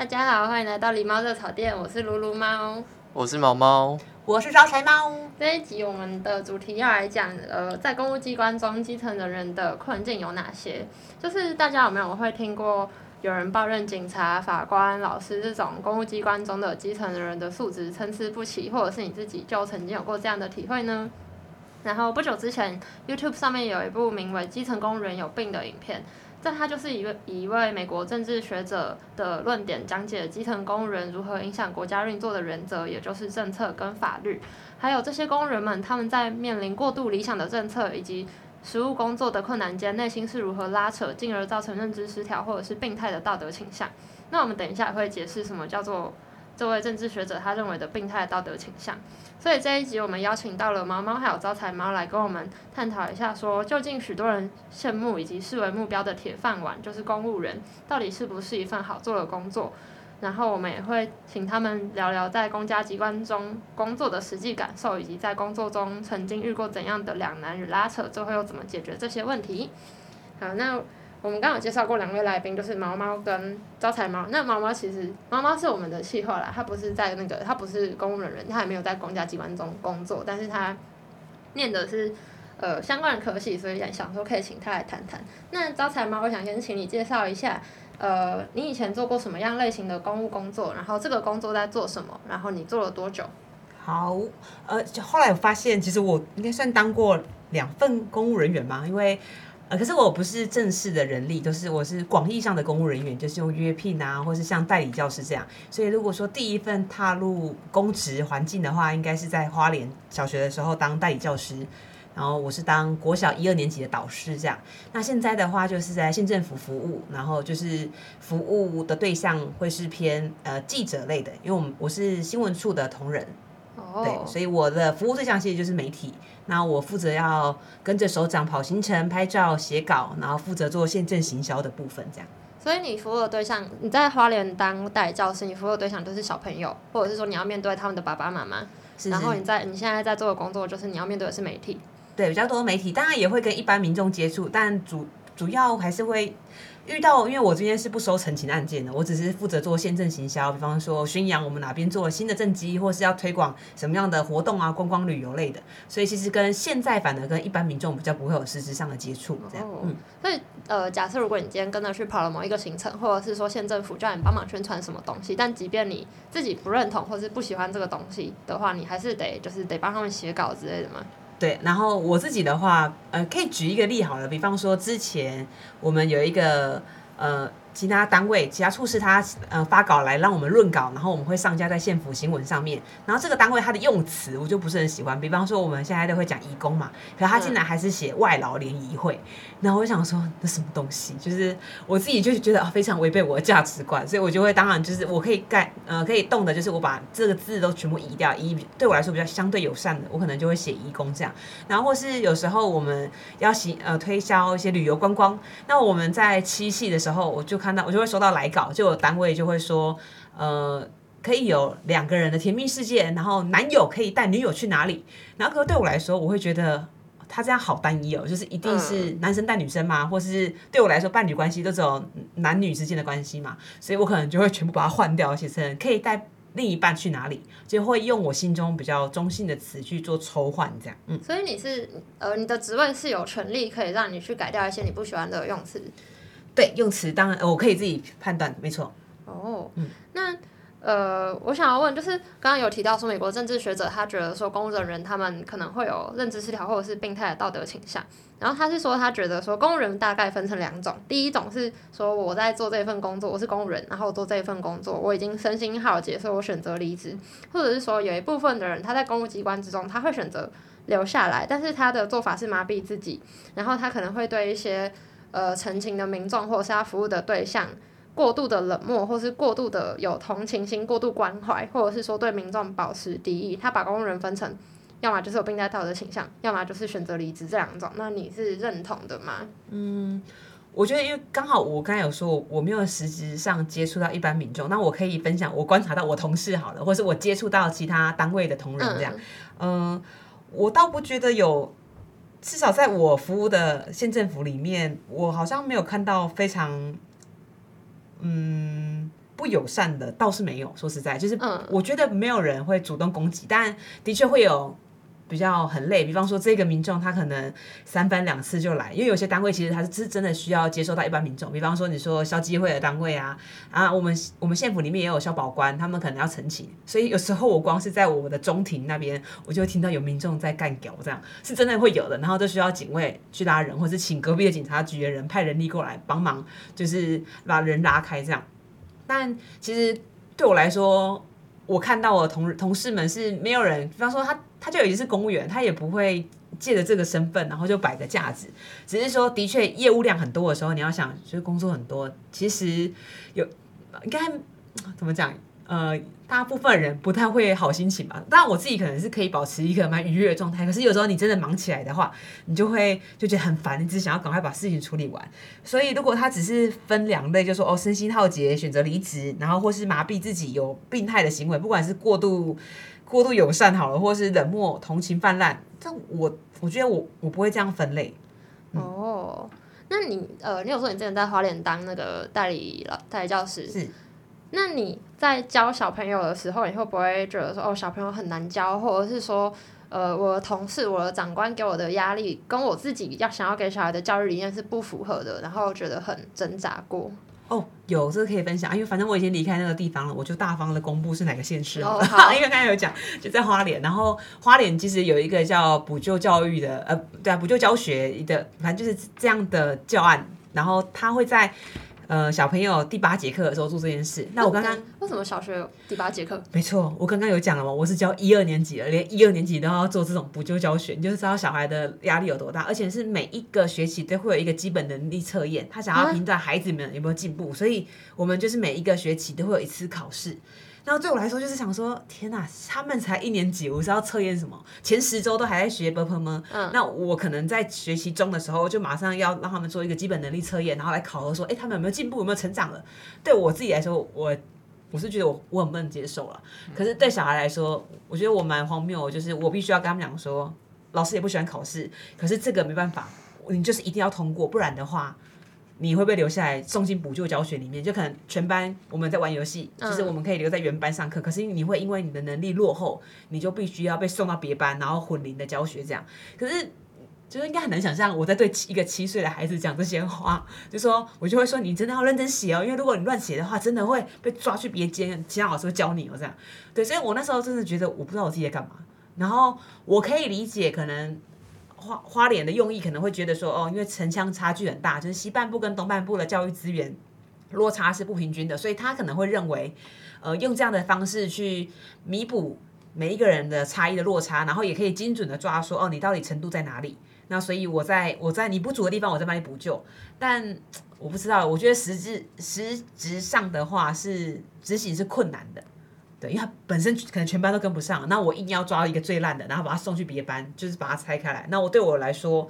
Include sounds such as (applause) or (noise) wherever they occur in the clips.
大家好，歡迎來到梨貓熱吵店，我是嚕嚕貓，我是毛毛，我是招財貓。這一集我們的主題要來講，呃，在公務機關中基層的人的困境有哪些？就是大家有沒有會聽過有人抱怨警察、法官、老師這種公務機關中的基層的人員的素質參差不齊，或者是你自己就曾經有過這樣的體會呢？然後不久之前，YouTube 上面有一部名為《基層工人有病》的影片。這他就是一位一位美國政治學者的論點，講解基層公務員如何影響國家運作的原則，也就是政策跟法律，還有這些公務員們他們在面臨過度理想的政策以及實務工作的困難間，內心是如何拉扯，進而造成認知失調或者是病態的道德傾向。那我們等一下也會解釋什麼叫做，這位政治學者他認為的病態道德傾向，所以這一集我們邀請到了毛貓還有招財貓來跟我們探討一下，說究竟許多人羨慕以及視為目標的鐵飯碗就是公務員，到底是不是一份好做的工作？然後我們也會請他們聊聊在公家機關中工作的實際感受，以及在工作中曾經遇過怎樣的兩難與拉扯，最後又怎麼解決這些問題？好，那。我們剛剛有介紹過兩位來賓，就是毛毛跟招財貓。那毛毛其實，毛毛是我們的企劃啦，它不是在那個，它不是公務人員，它還沒有在公家機關中工作，但是它念的是呃相關的科系，所以想說可以請它來談談。那招財貓，我想先請你介紹一下，呃，你以前做過什麼樣類型的公務工作？然後這個工作在做什麼？然後你做了多久？好，呃，就後來我發現，其實我應該算當過兩份公務人員吧，因為。可是我不是正式的人力，就是我是廣義上的公務人員，就是用約聘啊，或是像代理教師這樣。所以如果說第一份踏入公職環境的話，應該是在花蓮小學的時候當代理教師，然後我是當國小一二年級的導師這樣。那現在的話就是在縣政府服務，然後就是服務的對象會是偏呃記者類的，因為我們我是新聞處的同仁。對，所以我的服務對象其實就是媒體。那我負責要跟着首長跑行程、拍照、寫稿，然後負責做縣政行銷的部分。這樣，所以你服務的對象，你在花蓮當代教師，你服務的對象都是小朋友，或者是說你要面對他們的爸爸媽媽。是是。然後你在你現在在做的工作，就是你要面對的是媒體。對，比較多媒體，當然也會跟一般民眾接觸，但主主要還是會，遇到，因為我今天是不收陳情案件的，我只是負責做縣政行銷，比方說宣揚我們哪邊做了新的政績，或是要推廣什麼樣的活動啊，觀光旅遊類的，所以其實跟現在反而跟一般民眾比較不會有實質上的接觸、哦，這樣。嗯，所以呃，假設如果你今天跟着去跑了某一個行程，或者是說縣政府叫你幫忙宣傳什麼東西，但即便你自己不認同或是不喜歡這個東西的話，你還是得就是得幫他們寫稿之類的嘛。對，然後我自己的話，呃，可以舉一個例好了，比方說之前我們有一個，呃，其他單位、其他處室他呃發稿來讓我們潤稿，然後我們會上架在縣府新聞上面。然後這個單位它的用詞我就不是很喜歡，比方說我們現在都會講移工嘛，可是他竟然還是寫外勞聯誼會、嗯，然後我想說那什麼東西，就是我自己就覺得非常違背我的價值觀，所以我就會當然就是我可以干，呃，可以動的，就是我把這個字都全部移掉，移對我來說比較相對友善的，我可能就會寫移工這樣。然後或是有時候我們要行呃推銷一些旅遊觀光，那我們在七夕的時候我就。看到我就會收到來稿，就我單位就會說，呃，可以有兩個人的甜蜜世界，然後男友可以帶女友去哪裡？然後，對我來說，我會覺得他這樣好單一哦，就是一定是男生帶女生嘛，嗯、或是對我來說，伴侶關係都只有男女之間的關係嘛，所以我可能就會全部把它換掉，寫成可以帶另一半去哪裡，就會用我心中比較中性的詞去做抽換這樣。嗯，所以你是呃，你的職位是有權利可以讓你去改掉一些你不喜歡的用詞。對，用詞當然，我可以自己判斷，沒錯。哦、oh，嗯，那呃，我想要問，就是剛剛有提到說，美國政治學者他覺得說，公務人員他們可能會有認知失調或者是病態的道德傾向。然後他是說，他覺得說，公務人大概分成兩種，第一種是說，我在做這份工作，我是公務人，然後做這份工作，我已經身心耗竭，所以我選擇離職。或者是說，有一部分的人他在公務機關之中，他會選擇留下來，但是他的做法是麻痹自己，然後他可能會對一些。呃，陳情的民眾或者是他服務的對象，過度的冷漠，或是過度的有同情心、過度關懷，或者是說對民眾保持敵意，他把工人分成要麼就是有病態道德傾向，要麼就是選擇離職這兩種，那你是認同的嗎？嗯，我覺得因為剛好我剛才有說，我沒有實質上接觸到一般民眾，那我可以分享我觀察到我同事好了，或者是我接觸到其他單位的同仁這樣，嗯，呃，我倒不覺得有。至少在我服務的縣政府裡面，我好像沒有看到非常，嗯，不友善的，倒是沒有。說實在，就是我覺得沒有人會主動攻擊，但的確會有。比較很累，比方說這個民眾他可能三番兩次就來，因為有些單位其實他是真的需要接受到一般民眾，比方說你說消基會的單位啊，啊，我們我們縣府裡面也有消保官，他們可能要陳情，所以有時候我光是在我的中庭那邊，我就聽到有民眾在幹屌這樣，是真的會有的，然後就需要警衛去拉人，或是請隔壁的警察局的人派人力過來幫忙，就是把人拉開這樣。但其實對我來說。我看到我同同事們是沒有人，比方說他，他就已經是公務員，他也不會借着這個身份，然後就擺着架子。只是說，的確業務量很多的時候，你要想就是工作很多，其實有應該怎麼講？呃，大部分人不太會好心情嘛。但我自己可能是可以保持一個蠻愉悅的狀態。可是有時候你真的忙起來的話，你就會就覺得很煩，你只想要趕快把事情處理完。所以，如果他只是分兩類，就是、說哦，身心耗竭，選擇離職，然後或是麻痹自己，有病態的行為，不管是過度過度友善好了，或是冷漠、同情泛濫。但我我覺得我我不會這樣分類。嗯、哦，那你呃，你有說你之前在花蓮當那個代理老代理教師是？那你在教小朋友的時候，你會不會覺得說，哦，小朋友很難教，或者是說，呃，我的同事、我的長官給我的壓力，跟我自己要想要給小孩的教育理念是不符合的，然後覺得很掙扎過？哦，有這個可以分享。因為反正我已經離開那個地方了，我就大方的公布是哪個縣市哦，因為 (laughs) 剛才有講，就在花蓮，然後花蓮其實有一個叫補救教育的，呃，對啊，補救教學的，反正就是這樣的教案，然後他會在。呃，小朋友第八節課的時候做這件事，那我剛剛為什麼小學有第八節課？沒錯，我剛剛有講了嘛，我是教一二年級的，連一二年級都要做這種補救教學，你就是知道小孩的壓力有多大。而且是每一個學期都會有一個基本能力測驗，他想要評斷孩子們有沒有進步，所以我們就是每一個學期都會有一次考試。然後對我來說，就是想說，天哪，他們才一年級，我是要測驗什麼？前十周都還在學 ㄅㄆㄇ 嗎？嗯，那我可能在學習中的時候，就馬上要讓他們做一個基本能力測驗，然後來考核說，誒，他們有沒有進步，有沒有成長了？對我自己來說，我我是覺得我我很不能接受了、嗯。可是對小孩來說，我覺得我蠻荒謬，就是我必須要跟他們講說，老師也不喜歡考試，可是這個沒辦法，你就是一定要通過，不然的話。你會不會留下來送進補救教學裡面？就可能全班我們在玩遊戲，嗯，就是我們可以留在原班上課。可是，你會因為你的能力落後，你就必須要被送到別班，然後混齡的教學這樣。可是就是應該很難想象我在對一個七歲的孩子講這些話，就說我就會說，你真的要認真寫哦、喔，因為如果你亂寫的話，真的會被抓去別間，其他老師會教你哦、喔、這樣。對，所以我那時候真的覺得我不知道我自己在幹嘛。然後我可以理解可能。花花臉的用意可能會覺得說，哦，因為城鄉差距很大，就是西半部跟東半部的教育資源落差是不平均的，所以他可能會認為，呃，用這樣的方式去彌補每一個人的差異的落差，然後也可以精準的抓說，哦，你到底程度在哪裡？那所以我在我在你不足的地方，我再幫你補救，但我不知道，我覺得實質實質上的話是執行是困難的。對，因為他本身可能全班都跟不上，那我硬要抓一個最爛的，然後把他送去別的班，就是把他拆開來。那我對我來說，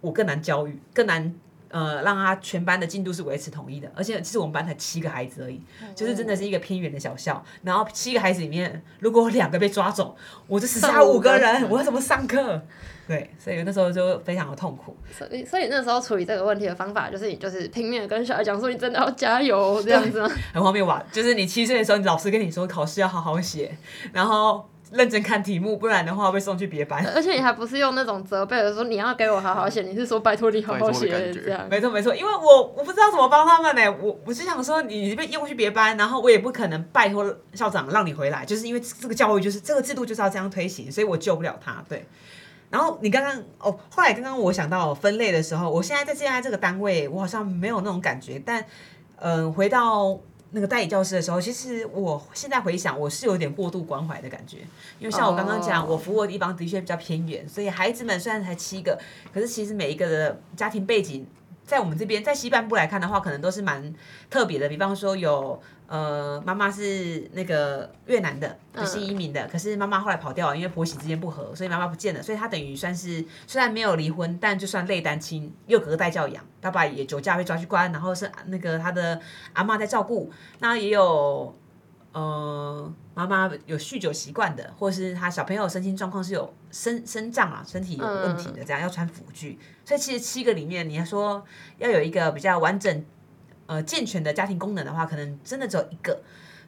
我更難教育，更難。呃，讓他全班的進度是維持統一的，而且其實我們班才七個孩子而已，就是真的是一個偏遠的小校，然後七個孩子裡面，如果兩個被抓走，我就剩下五個人，剩五個了。我要怎麼上課？對，所以那時候就非常的痛苦。所以，所以那時候處理這個問題的方法就是，你就是拼命的跟小孩講說，你真的要加油這樣子。很方便吧？就是你七歲的時候，你老師跟你說考試要好好寫，然後。認真看題目，不然的話會被送去別班。而且你還不是用那種責備的、就是、說你要給我好好寫、嗯，你是說拜托你好好寫，沒錯沒錯，因為我我不知道怎麼幫他們呢、欸，我我是想說你被用去別班，然後我也不可能拜托校長讓你回來，就是因為這個教育就是這個制度就是要這樣推行，所以我救不了他。對，然後你剛剛哦，後來剛剛我想到分類的時候，我現在在現在這個單位，我好像沒有那種感覺，但嗯、呃，回到，那個代理教師的時候，其實我現在回想，我是有點過度關懷的感覺，因為像我剛剛講，oh. 我服務的地方的確比較偏遠，所以孩子們雖然才七個，可是其實每一個的家庭背景。在我們這邊，在西半部來看的話，可能都是蠻特別的。比方說有，有呃，媽媽是那個越南的，也、就是移民的，可是媽媽後來跑掉了，因為婆媳之間不合，所以媽媽不見了，所以她等於算是雖然沒有離婚，但就算類單親，又隔代教養，爸爸也酒駕被抓去關，然後是那個她的阿嬤在照顧。那也有。呃，媽媽有酗酒習慣的，或是他小朋友身心狀況是有身身障啊，身體有問題的，這樣要穿輔具。嗯。所以其實七個裡面，你要說要有一個比較完整、呃健全的家庭功能的話，可能真的只有一個。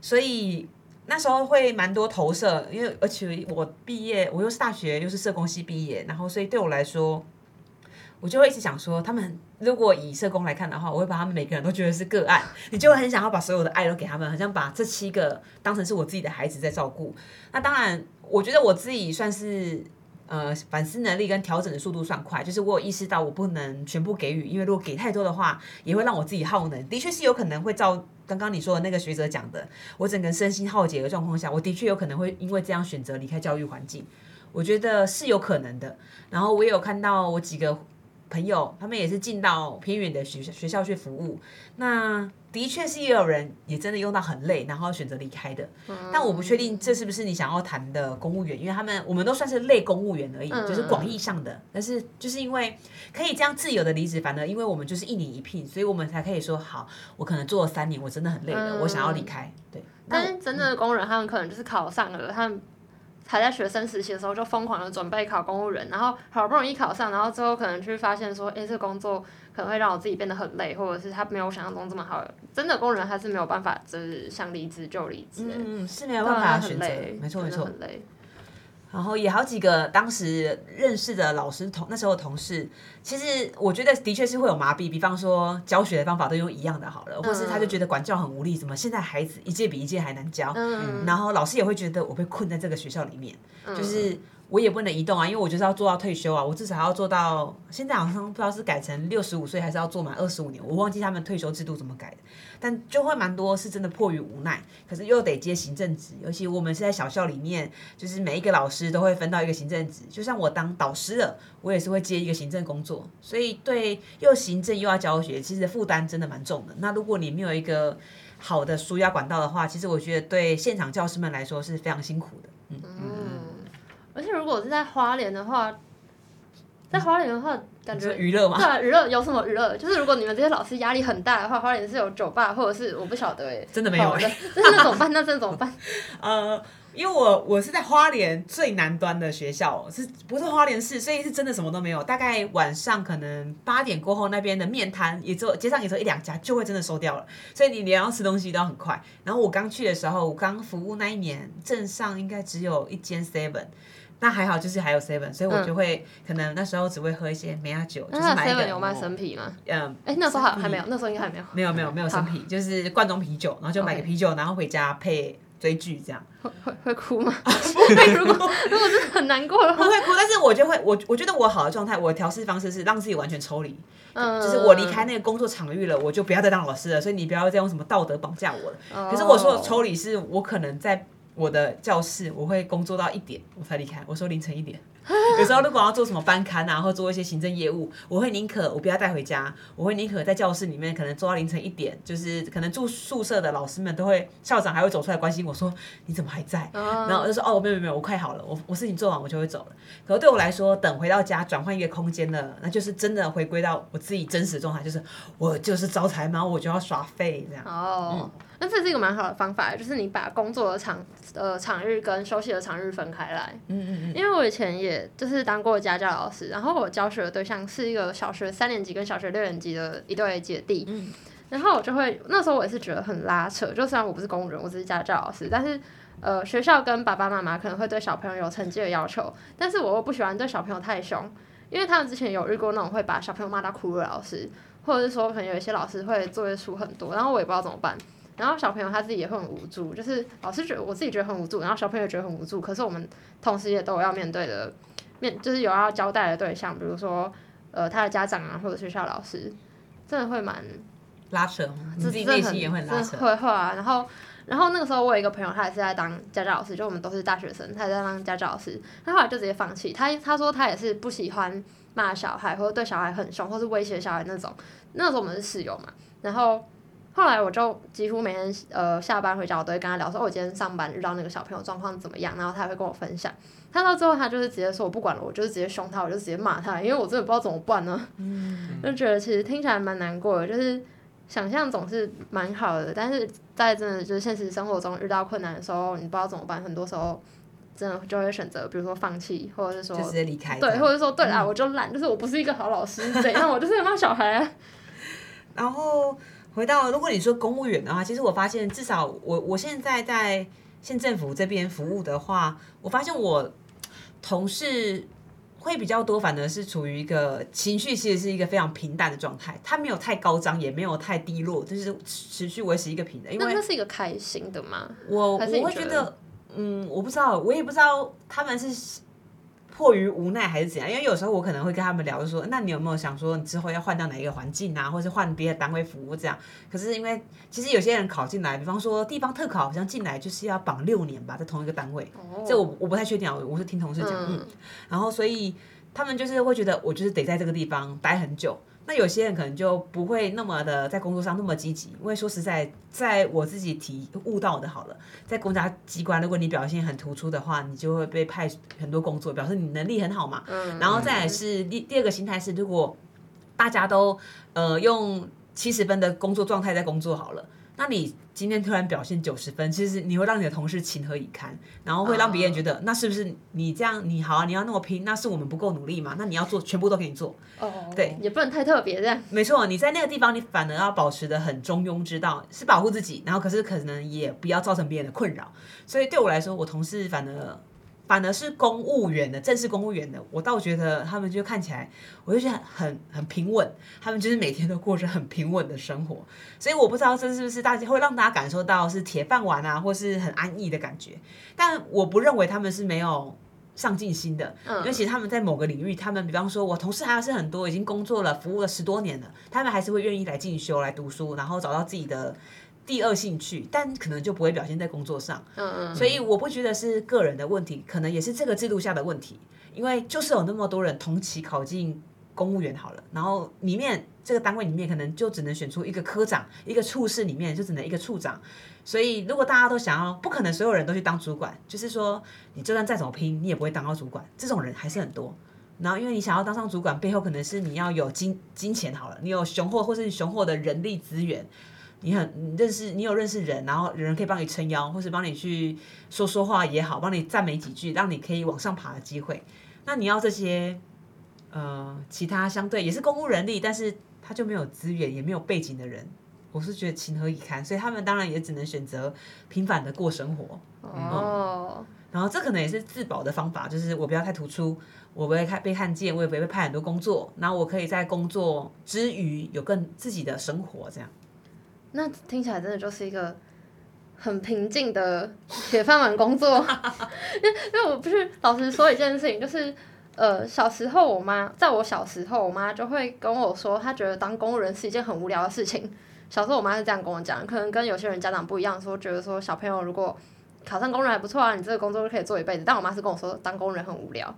所以那時候會蠻多投射，因為而且我畢業，我又是大學又是社工系畢業，然後所以對我來說。我就會一直想說，他們如果以社工來看的話，我會把他們每個人都覺得是個案。你就會很想要把所有的愛都給他們，好像把這七個當成是我自己的孩子在照顧。那當然，我覺得我自己算是呃反思能力跟調整的速度算快，就是我有意識到我不能全部給予，因為如果給太多的話，也會讓我自己耗能。的確是有可能會照剛剛你說的那個學者講的，我整個身心耗竭的狀況下，我的確有可能會因為這樣選擇離開教育環境。我覺得是有可能的。然後我也有看到我幾個。朋友，他們也是進到偏遠的學學校去服務。那的確是也有人也真的用到很累，然後選擇離開的。但我不確定這是不是你想要談的公務員，因為他們我們都算是類公務員而已、嗯，就是廣義上的。但是就是因為可以這樣自由的離職，反而因為我們就是一年一聘，所以我們才可以說好，我可能做了三年，我真的很累了、嗯，我想要離開。對。但是真正的工人，他們可能就是考上了，他們。還在學生時期的時候就瘋狂的準備考公務員，然後好不容易考上，然後最後可能去發現說，哎、欸，這個、工作可能會讓我自己變得很累，或者是他沒有想象中這麼好。真的公務員他是沒有辦法，就是想離職就離職、欸，嗯，是的，沒有辦法選擇，沒錯沒錯，真的很累。然後也好幾個當時認識的老師同那時候的同事，其實我覺得的確是會有麻痹，比方說教學的方法都用一樣的好了，嗯、或是他就覺得管教很無力，怎麼現在孩子一屆比一屆還難教，嗯嗯，然後老師也會覺得我被困在這個學校裡面，就是。嗯我也不能移動啊，因為我就是要做到退休啊，我至少要做到現在，好像不知道是改成六十五歲還是要做滿二十五年，我忘記他們退休制度怎麼改的。但就會蠻多是真的迫於無奈，可是又得接行政職，尤其我們是在小校裡面，就是每一個老師都會分到一個行政職，就像我當導師了，我也是會接一個行政工作。所以對又行政又要教學，其實負擔真的蠻重的。那如果你沒有一個好的紓壓管道的話，其實我覺得對現場教師們來說是非常辛苦的。嗯嗯。而且如果是在花蓮的話，在花蓮的話，感覺是娛樂嗎？對啊，娛樂有什麼娛樂？就是如果你們這些老師壓力很大的話，花蓮是有酒吧，或者是我不曉得哎、欸，真的沒有哎、欸， (laughs) 那怎麼辦？ (laughs) 那真的怎麼辦？ (laughs) 呃因為我我是在花蓮最南端的學校，是不是花蓮市？所以是真的什麼都沒有。大概晚上可能八點過後，那邊的麵攤也只有，街上也只有一兩家就會真的收掉了。所以你連要吃東西都很快。然後我剛去的時候，我剛服務那一年，鎮上應該只有一間 Seven，那還好就是還有 Seven，所以我就會、嗯、可能那時候只會喝一些梅亞酒、嗯，就是買一個。Seven 有賣生啤嗎？嗯，哎、欸、那時候還沒還沒有，那時候應該還沒有。沒有沒有沒有 (laughs) 生啤，就是罐裝啤酒，然後就買個啤酒，okay. 然後回家配。悲劇這樣，會會哭嗎？ (laughs) (laughs) 不會。如果如果真的很難過的話， (laughs) 不會哭。但是我就會，我我覺得我好的狀態，我調試方式是讓自己完全抽離、呃，就是我離開那個工作場域了，我就不要再當老師了。所以你不要再用什麼道德綁架我了、哦。可是我說的抽離是，我可能在我的教室，我會工作到一點我才離開。我說凌晨一點。 (laughs) 有時候如果要做什麼班刊啊，或做一些行政業務，我會寧可我不要帶回家，我會寧可在教室裡面可能做到凌晨一點，就是可能住宿舍的老師們都會，校長還會走出來關心我說，你怎麼還在？Oh. 然後我就說哦，沒有沒有我快好了，我我事情做完我就會走了。可是對我來說，等回到家轉換一個空間了，那就是真的回歸到我自己真實狀態，就是我就是招財貓，我就要耍廢這樣。Oh. 嗯但是，是一個蠻好的方法，就是你把工作的場呃場日跟休息的場日分開來。因為我以前也就是當過家教老師，然後我教學的對象是一個小學三年級跟小學六年級的一對姐弟。然後我就會那時候我也是覺得很拉扯，就雖然我不是工人，我只是家教老師，但是呃學校跟爸爸媽媽可能會對小朋友有成績的要求，但是我又不喜歡對小朋友太凶，因為他們之前有遇過那種會把小朋友罵到哭的老師，或者是說可能有一些老師會作業出很多，然後我也不知道怎麼辦。然後小朋友他自己也會很無助，就是老師覺得我自己覺得很無助，然後小朋友也覺得很無助。可是我們同時也都要面對的，面就是有要交代的對象，比如說呃他的家長啊或者學校老師，真的會蠻拉扯，自己也會拉扯，會啊。然後然後那個時候我有一個朋友，他也是在當家教老師，就我們都是大學生，他也在當家教老師，他後來就直接放棄。他他說他也是不喜歡罵小孩，或者對小孩很凶，或者是威脅小孩那種。那時候我們是室友嘛，然後。後來我就幾乎每天呃下班回家，我都會跟他聊說，哦，我今天上班遇到那個小朋友狀況怎麼樣，然後他會跟我分享。他到最後，他就是直接說我不管了，我就是直接兇他，我就直接罵他，因為我真的不知道怎麼辦呢。嗯，就覺得其實聽起來蠻難過的，就是想象總是蠻好的，但是在真的就是現實生活中遇到困難的時候，你不知道怎麼辦，很多時候真的就會選擇，比如說放棄，或者是說直接離開，對，或者說對啊、嗯，我就懶，就是我不是一個好老師，怎樣，我就是罵小孩、啊， (laughs) 然後。回到如果你說公務員的話，其實我發現至少我我現在在縣政府這邊服務的話，我發現我同事會比較多，反而是處於一個情緒，其實是一個非常平淡的狀態，他沒有太高漲，也沒有太低落，就是持續維持一個平的。因為那那是一個開心的嗎？我我會覺得，嗯，我不知道，我也不知道他們是，迫於無奈還是怎樣？因為有時候我可能會跟他們聊就，就說那你有沒有想說你之後要換到哪一個環境啊，或者是換別的單位服務這樣？可是因為其實有些人考進來，比方說地方特考，好像進來就是要綁六年吧，在同一個單位。哦，這我我不太確定，我是聽同事講。嗯，嗯，然後所以。他們就是會覺得我就是得在這個地方待很久。那有些人可能就不會那麼的在工作上那麼積極，因為說實在，在我自己體悟到的好了，在公家機關，如果你表現很突出的話，你就會被派很多工作，表示你能力很好嘛。嗯。然後再來是第第二個心態是，如果大家都呃用七十分的工作狀態在工作好了。那你今天突然表現九十分，其實你會讓你的同事情何以堪，然後會讓別人覺得，oh. 那是不是你這樣，你好啊，你要那麼拼，那是我們不夠努力嘛？那你要做，全部都給你做。哦哦，對，也不能太特別的。沒錯，你在那個地方，你反而要保持得很中庸之道，是保護自己，然後可是可能也不要造成別人的困擾。所以對我來說，我同事反而。反而是公務員的正式公務員的，我倒覺得他們就看起來，我就覺得很很平穩，他們就是每天都過着很平穩的生活，所以我不知道這是，是不是大家會讓大家感受到是鐵飯碗啊，或是很安逸的感覺，但我不認為他們是沒有上進心的，因為其實他們在某個領域，他們比方說，我同事還有是很多已經工作了，服務了十多年了，他們還是會願意來進修、來讀書，然後找到自己的。第二興趣，但可能就不會表現在工作上。嗯嗯。所以我不覺得是個人的問題，可能也是這個制度下的問題。因為就是有那麼多人同期考進公務員好了，然後裡面這個單位裡面可能就只能選出一個科長，一個處室裡面就只能一個處長。所以如果大家都想要，不可能所有人都去當主管。就是說，你就算再怎麼拼，你也不會當到主管。這種人還是很多。然後因為你想要當上主管，背後可能是你要有金金錢好了，你有雄厚或是雄厚的人力資源。你很，你認識，你有認識人，然後人可以幫你撐腰，或是幫你去說說話也好，幫你讚美幾句，讓你可以往上爬的機會。那你要這些，呃，其他相對也是公務人力，但是他就沒有資源，也沒有背景的人，我是覺得情何以堪。所以他們當然也只能選擇平凡的過生活。哦、嗯，然後這可能也是自保的方法，就是我不要太突出，我不會太被看見，我也不會被派很多工作，那我可以在工作之餘有更自己的生活這樣。那聽起來真的就是一個很平靜的鐵飯碗工作， (laughs) 哈 (laughs) 因為我不是老實說一件事情，就是呃小時候我媽在我小時候，我媽就會跟我說，她覺得當公務員是一件很無聊的事情。小時候我媽是這樣跟我講，可能跟有些人家長不一樣，說覺得說小朋友如果考上公務員還不錯啊，你這個工作就可以做一輩子。但我媽是跟我說，當公務員很無聊。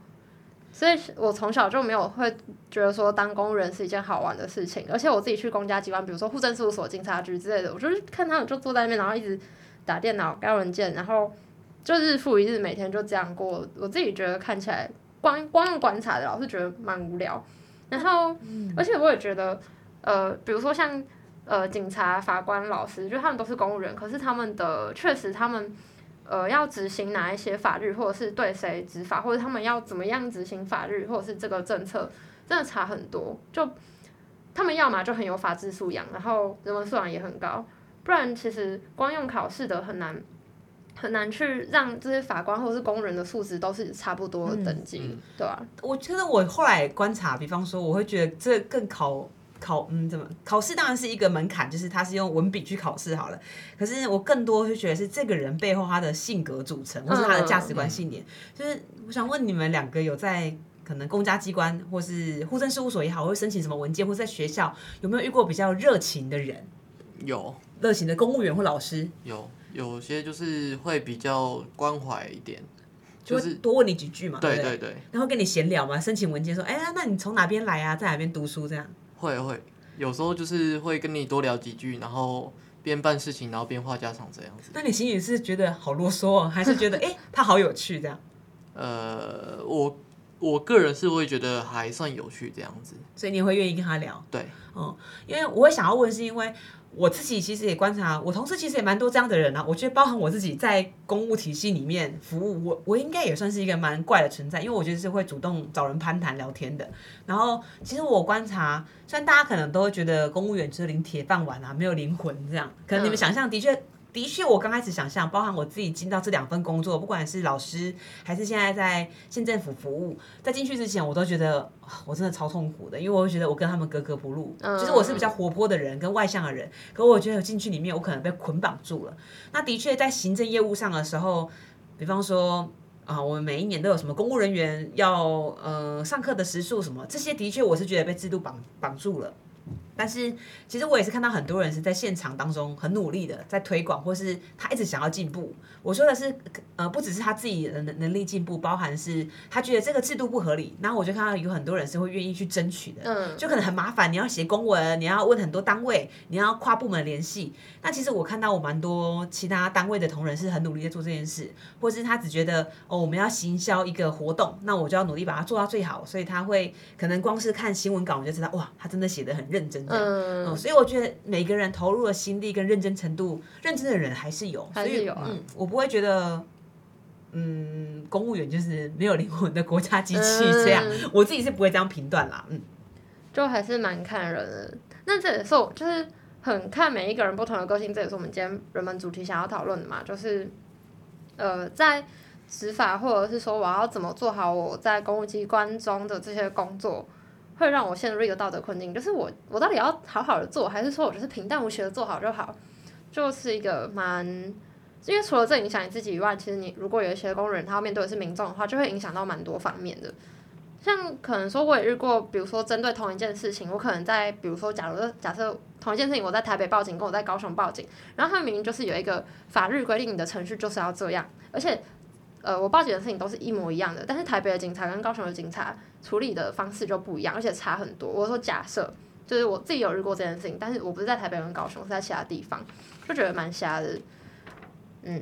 所以，我從小就沒有會覺得說當公務員是一件好玩的事情。而且，我自己去公家機關，比如說戶政事務所、警察局之類的，我就是看他們就坐在那邊，然後一直打電腦、蓋文件，然後就日復一日，每天就這樣過。我自己覺得看起來光光用觀察的，老是覺得蠻無聊。然後，而且我也覺得，呃，比如說像呃警察、法官、老師，就他們都是公務員，可是他們的確實他們。呃，要執行哪一些法律，或者是對誰執法，或者他們要怎麼樣執行法律，或者是這個政策，真的差很多。就他們要嘛就很有法治素養，然後人文素養也很高，不然其實光用考試的很難，很難去讓這些法官或者是工人的素質都是差不多的等級，嗯、對吧、啊？我覺得我後來觀察，比方說，我會覺得這更考。考嗯，怎麼考試當然是一個門檻，就是他是用文筆去考試好了。可是我更多就覺得是這個人背後他的性格組成，嗯、或者是他的價值觀信念、嗯。就是我想問你們兩個，有在可能公家機關或是戶政事務所也好，或者申請什麼文件，或者在學校有沒有遇過比較熱情的人？有熱情的公務員或老師有，有些就是會比較關懷一點，就是多問你幾句嘛，就是對對，對對對，然後跟你閒聊嘛，申請文件說，哎呀，那你從哪邊來啊？在哪邊讀書這樣？會會，有時候就是會跟你多聊幾句，然後邊辦事情，然後邊話家常這樣子。那你心裡是覺得好囉嗦哦，還是覺得 (laughs) 誒他好有趣這樣？呃，我我個人是會覺得還算有趣這樣子。所以你會願意跟他聊？對，嗯、哦，因為我會想要問是因為。我自己其實也觀察，我同事其實也蠻多這樣的人啊。我覺得包含我自己在公務體系裡面服務，我我應該也算是一個蠻怪的存在，因為我覺得是會主動找人攀談聊天的。然後其實我觀察，雖然大家可能都會覺得公務員只是領鐵飯碗啊，沒有靈魂這樣，可能你們想象的確。嗯的確，我剛開始想象，包含我自己進到這兩份工作，不管是老師還是現在在縣政府服務，在進去之前，我都覺得我真的超痛苦的，因為我會覺得我跟他們格格不入。嗯，就是我是比較活潑的人，跟外向的人，可我覺得進去裡面我可能被捆綁住了。那的確，在行政業務上的時候，比方說啊，我們每一年都有什麼公務人員要呃上課的時數什麼，這些的確我是覺得被制度綁綁住了。但是其實我也是看到很多人是在現場當中很努力的在推廣，或是他一直想要進步。我說的是，呃，不只是他自己的能力進步，包含是他覺得這個制度不合理。然後我就看到有很多人是會願意去爭取的，嗯，就可能很麻煩，你要寫公文，你要問很多單位，你要跨部門聯繫。那其實我看到我蠻多其他單位的同仁是很努力在做這件事，或是他只覺得哦，我們要行銷一個活動，那我就要努力把它做到最好，所以他會可能光是看新聞稿，我就知道哇，他真的寫的很認真。嗯，嗯，所以我覺得每個人投入的心力跟認真程度，認真的人還是有，還是有啊，嗯，我不會覺得，嗯，公務員就是沒有靈魂的國家機器這樣，嗯，我自己是不會這樣評斷啦，嗯，就還是蠻看人的。那這也是我就是很看每一個人不同的個性，這也是我們今天人們主題想要討論的嘛，就是，呃，在執法或者是說我要怎麼做好我在公務機關中的這些工作。會讓我陷入一個道德困境，就是我我到底要好好的做，還是說我就是平淡無奇的做好就好？就是一個蠻，因為除了這影響你自己以外，其實你如果有一些工人，他要面對的是民眾的話，就會影響到蠻多方面的。像可能說，我也遇過，比如說針對同一件事情，我可能在，比如說，假如假設同一件事情，我在台北報警，跟我在高雄報警，然後他明明就是有一個法律規定，你的程序就是要這樣，而且。呃，我報警的事情都是一模一樣的，但是台北的警察跟高雄的警察處理的方式就不一樣，而且差很多。我說假設，就是我自己有遇過這件事情，但是我不是在台北跟高雄，是在其他地方，就覺得蠻瞎的。嗯，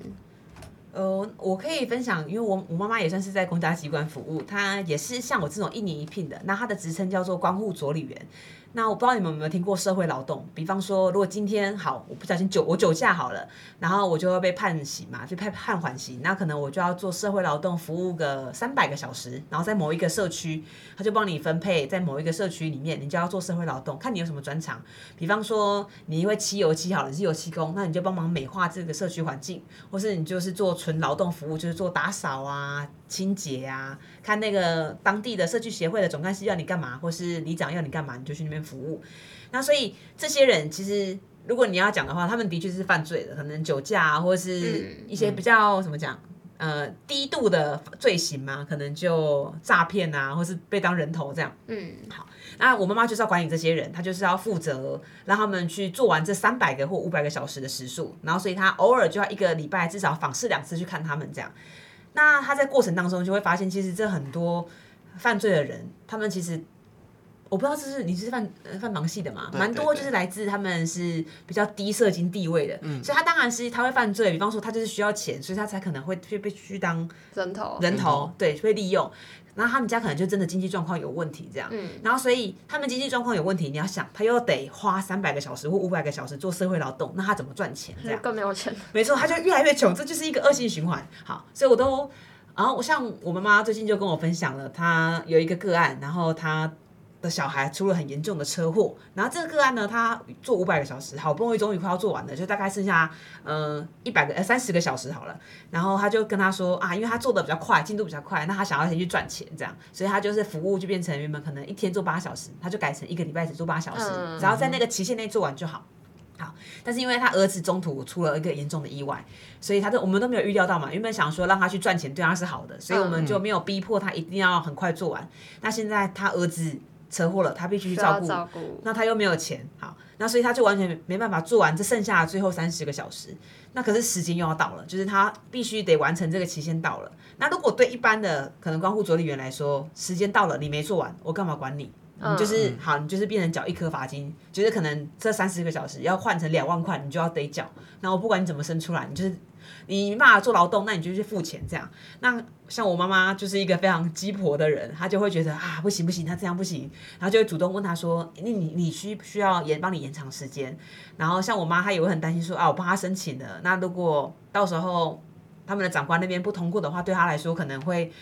呃，我可以分享，因為我我媽媽也算是在公家機關服務，她也是像我這種一年一聘的，那她的職稱叫做觀護佐理員。那我不知道你們有沒有聽過社會勞動？比方說，如果今天好，我不小心酒我酒駕好了，然後我就會被判刑嘛，就判判緩刑，那可能我就要做社會勞動服務個三百個小時，然後在某一個社區，他就幫你分配在某一個社區裡面，你就要做社會勞動，看你有什麼專長，比方說你會漆油漆好了，你是油漆工，那你就幫忙美化這個社區環境，或是你就是做純勞動服務，就是做打掃啊。清潔啊，看那個當地的社區協會的總幹事要你幹嘛，或是里長要你幹嘛，你就去那邊服務。那所以這些人其實，如果你要講的話，他們的確是犯罪的，可能酒駕啊，或者是一些比較怎麼講，嗯，呃，低度的罪行嘛，可能就詐騙啊，或是被當人頭這樣。嗯，好，那我媽媽就是要管理這些人，她就是要負責讓他們去做完這三百個或五百個小時的時數，然後所以他偶爾就要一個禮拜至少訪視兩次去看他們這樣。那他在過程當中就會發現，其實這很多犯罪的人，他們其實我不知道這是，不是你是犯、呃、犯防系的嘛，蠻多就是來自他們是比較低社經地位的，嗯，所以他當然是他會犯罪，比方說他就是需要錢，所以他才可能會被被，被去當人頭人頭，對，被利用。然後他們家可能就真的經濟狀況有問題，這樣，嗯。然後所以他們經濟狀況有問題，你要想，他又得花三百個小時或五百個小時做社會勞動，那他怎麼賺錢？這樣更沒有錢。沒錯，他就越來越窮， (laughs) 這就是一個惡性循環。好，所以我都，然後我像我媽媽最近就跟我分享了，她有一個個案，然後她。的小孩出了很嚴重的車禍，然後這個個案呢，他做五百個小時，好不容易終於快要做完了，就大概剩下呃一百個呃三十個小時好了。然後他就跟他說啊，因為他做的比較快，進度比較快，那他想要先去賺錢，這樣，所以他就是服務就變成原本可能一天做八小時，他就改成一個禮拜只做八小時，嗯，只要在那個期限內做完就好。好，但是因為他兒子中途出了一個嚴重的意外，所以他都我們都沒有預料到嘛，原本想說讓他去賺錢，對他是好的，所以我們就沒有逼迫他一定要很快做完，嗯。那現在他兒子車禍了，他必須去照顧，那他又沒有錢，好，那所以他就完全沒辦法做完這剩下的最後三十個小時。那可是時間又要到了，就是他必須得完成這個期限到了。那如果對一般的可能觀護佐理員來說，時間到了你沒做完，我幹嘛管你？嗯、你就是好，你就是變成繳易科罰金，就是可能這三十個小時要換成兩萬塊，你就要得繳。那我不管你怎麼生出來，你就是。你沒辦法做勞動，那你就去付錢這樣。那像我媽媽就是一個非常雞婆的人，她就會覺得啊不行不行，她這樣不行，然後就會主動問她說，你你你需不需要延幫你延長時間？然後像我媽，她也會很擔心說啊我幫她申請了，那如果到時候他們的長官那邊不通過的話，對她來說可能會。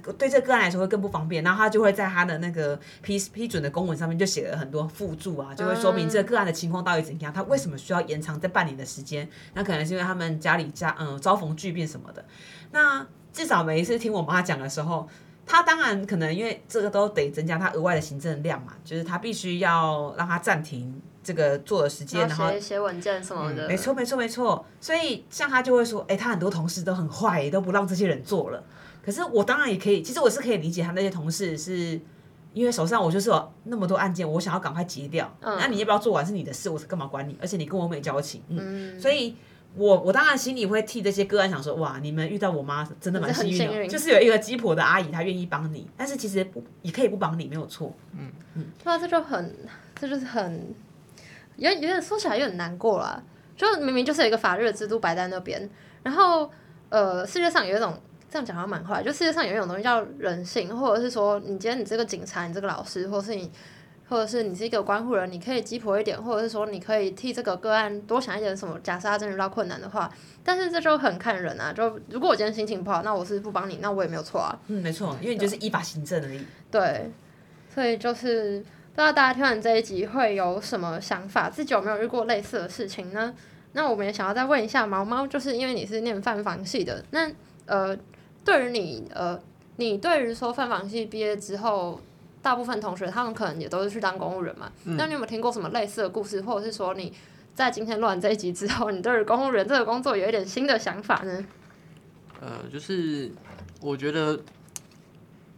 對這個個案來說會更不方便，然後他就會在他的那個批批准的公文上面就寫了很多附註啊，就會說明這個個案的情況到底怎樣，他為什麼需要延長這半年的時間？那可能是因為他們家裡家嗯遭逢巨變什麼的。那至少每一次聽我媽講的時候，他當然可能因為這個都得增加他額外的行政量嘛，就是他必須要讓他暫停這個做的時間，然後寫，然後寫文件什麼的、嗯。沒錯，沒錯，沒錯。所以像他就會說，哎，他很多同事都很壞，都不讓這些人做了。可是我當然也可以，其實我是可以理解他那些同事是，因為手上我就是有那麼多案件，我想要趕快結掉。那、嗯、你要不要做完是你的事，我是幹嘛管你？而且你跟我沒交情，嗯，嗯，所以我我當然心裡會替這些個案想說，哇，你們遇到我媽真的蠻幸運的幸運，就是有一個雞婆的阿姨她願意幫你，但是其實不也可以不幫你，沒有錯。嗯嗯，哇，這就很，這就是很，有有點說起來有點難過了，就明明就是有一個法律制度擺在那邊，然後呃，世界上有一種。這樣講還蠻壞，就世界上有一種東西叫人性，或者是說，你今天你這個警察，你這個老師，或是你，或者是你是一個關乎人，你可以雞婆一點，或者是說，你可以替這個個案多想一點什麼，假設他真的遇到困難的話，但是這就很看人啊。就如果我今天心情不好，那我是不幫你，那我也沒有錯啊。嗯，沒錯，因為你就是依法行政而已。對，所以就是不知道大家聽完這一集會有什麼想法，自己有沒有遇過類似的事情呢？那我們也想要再問一下毛毛，貓貓就是因為你是念犯防系的，那呃。對於你，呃，你對於說，犯防系畢業之後，大部分同學他們可能也都是去當公務員嘛？那你有沒有聽過什麼類似的故事，嗯、或者是說你在今天錄完這一集之後，你對於公務員這個工作有一點新的想法呢？呃，就是我覺得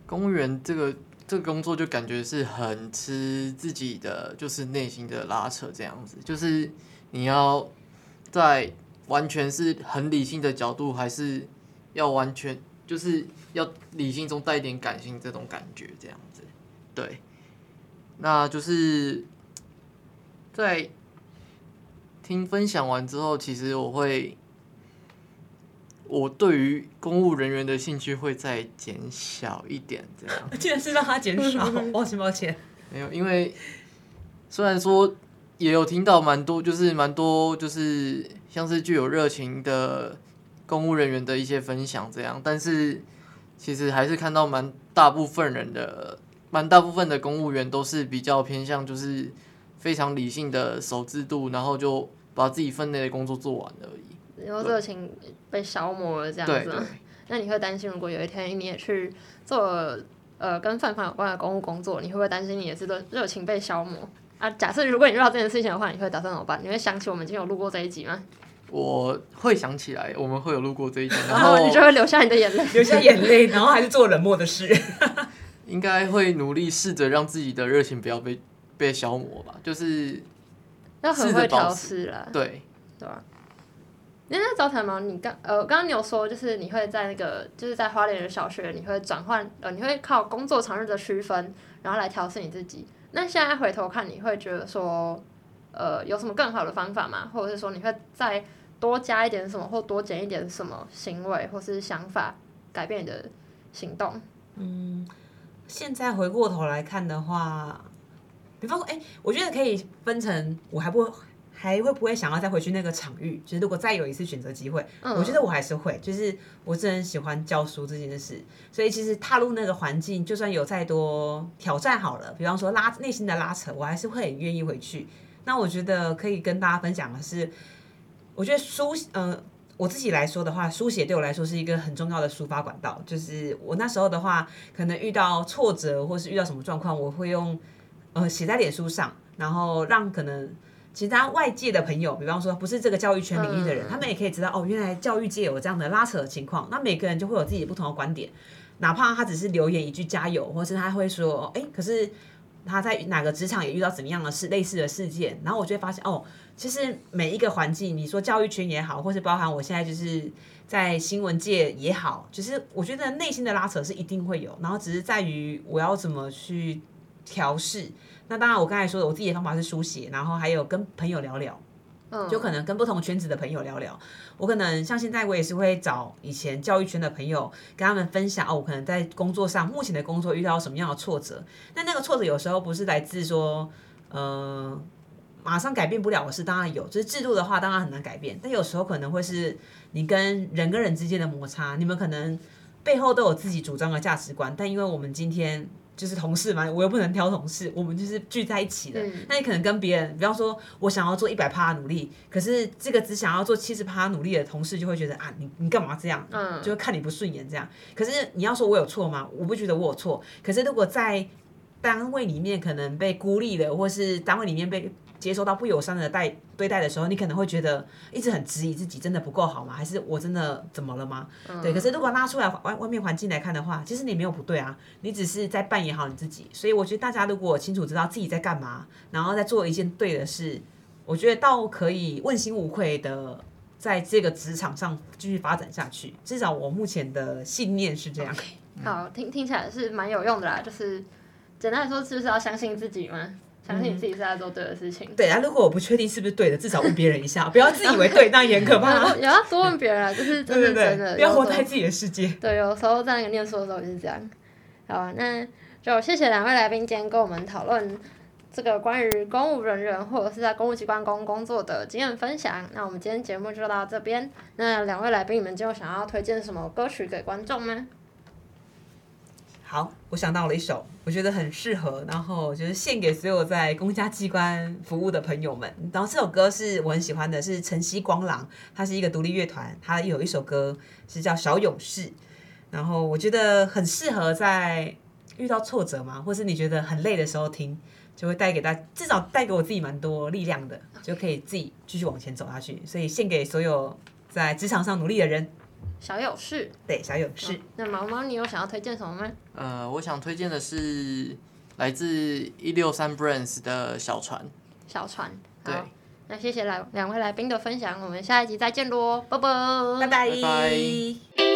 公務員這個這個工作就感覺是很吃自己的，就是內心的拉扯這樣子，就是你要在完全是很理性的角度，還是要完全。就是要理性中帶一點感性，這種感覺這樣子，對。那就是在聽分享完之後，其實我會，我對於公務人員的興趣會再減小一點，這樣子。竟 (laughs) 然是讓他減少，抱 (laughs) 歉、哦、抱歉。沒有，因為雖然說也有聽到蠻多，就是蠻多，就是像是具有熱情的。公務人員的一些分享，這樣，但是其實還是看到蠻大部分人的，蠻大部分的公務員都是比較偏向就是非常理性的守制度，然後就把自己分內的工作做完而已。然後熱情被消磨了這樣子。那你會擔心，如果有一天你也去做呃跟犯法有關的公務工作，你會不會擔心你也是熱情被消磨？啊，假設如果你遇到這件事情的話，你會打算怎麼辦？你會想起我們今天有錄過這一集嗎？我會想起來，我們會有路過這一集，然後、啊、你就會流下你的眼淚，流下眼淚， (laughs) 然後還是做冷漠的事。 (laughs) 應該會努力試着讓自己的熱情不要被被消磨吧，就是要很會調試了。對，對吧？那那招財貓？你剛呃，剛剛你有說，就是你會在那個，就是在花蓮的小學，你會轉換呃，你會靠工作場域的區分，然後來調試你自己。那現在回頭看，你會覺得說？呃，有什麼更好的方法嗎？或者是說，你會再多加一點什麼，或多減一點什麼行為，或是想法，改變你的行動？嗯，現在回過頭來看的話，比方說，哎、欸，我覺得可以分成，我還不還會不會想要再回去那個場域？就是如果再有一次選擇機會、嗯，我覺得我還是會，就是我真的很喜歡教書這件事，所以其實踏入那個環境，就算有再多挑戰好了，比方說拉內心的拉扯，我還是會很願意回去。那我覺得可以跟大家分享的是，我覺得書，呃，我自己來說的話，書寫對我來說是一個很重要的抒發管道。就是我那時候的話，可能遇到挫折，或是遇到什麼狀況，我會用，呃，寫在臉書上，然後讓可能其他外界的朋友，比方說不是這個教育圈領域的人，他們也可以知道，哦，原來教育界有這樣的拉扯情況。那每個人就會有自己不同的觀點，哪怕他只是留言一句加油，或是他會說，誒，可是。他在哪個職場也遇到怎麼樣的事，類似的事件，然後我就會發現哦，其實每一個環境，你說教育圈也好，或是包含我現在就是在新聞界也好，就是我覺得內心的拉扯是一定會有，然後只是在於我要怎麼去調試。那當然我剛才說的，我自己的方法是書寫，然後還有跟朋友聊聊。就可能跟不同圈子的朋友聊聊，我可能像現在我也是會找以前教育圈的朋友，跟他們分享哦，我可能在工作上目前的工作遇到什麼樣的挫折。那那個挫折有時候不是來自說，呃，馬上改變不了的事，當然有，就是制度的話當然很難改變，但有時候可能會是你跟人跟人之間的摩擦，你們可能背後都有自己主張的價值觀，但因為我們今天。就是同事嘛，我又不能挑同事，我們就是聚在一起的、嗯。那你可能跟別人，比方說，我想要做一百趴努力，可是這個只想要做七十趴努力的同事，就會覺得啊，你你幹嘛這樣，就會看你不順眼這樣、嗯。可是你要說我有錯嗎？我不覺得我有錯。可是如果在單位裡面可能被孤立了，或是單位裡面被。接收到不友善的待對待的時候，你可能會覺得一直很質疑自己，真的不夠好嗎？還是我真的怎麼了嗎？嗯、對，可是如果拉出來外外面環境來看的話，其實你沒有不對啊，你只是在扮演好你自己。所以我覺得大家如果清楚知道自己在幹嘛，然後再做一件對的事，我覺得倒可以問心無愧的在這個職場上繼續發展下去。至少我目前的信念是這樣。Okay，好，聽聽起來是蠻有用的啦。就是簡單來說，是不是要相信自己嗎？相信你自己是在做對的事情。嗯、對啊，如果我不確定是不是對的，至少問別人一下，不要自以為對， (laughs) 那也可怕、啊。也 (laughs) 要多問別人就、啊、是真的 (laughs) 對對對真的。不要活在自己的世界。對，有時候在那個唸書的時候就是這樣。好，那就謝謝兩位來賓今天跟我們討論這個關於公務人員或者是在公務機關工工作的經驗分享。那我們今天節目就到這邊。那兩位來賓，你們就想要推薦什麼歌曲給觀眾呢？好，我想到了一首，我覺得很適合，然後就是獻給所有在公家機關服務的朋友們。然後這首歌是我很喜歡的是，是晨曦光廊，他是一個獨立樂團，他有一首歌是叫《小勇士》，然後我覺得很適合在遇到挫折嘛，或是你覺得很累的時候聽，就會帶給大家，至少帶給我自己蠻多力量的，就可以自己繼續往前走下去。所以獻給所有在職場上努力的人。小勇士，對，小勇士，哦。那毛貓，你有想要推薦什麼嗎？呃，我想推薦的是來自一六三 brands 的小船，小船。對，那謝謝來兩位來賓的分享，我們下一集再見嘍，拜拜，拜拜。Bye bye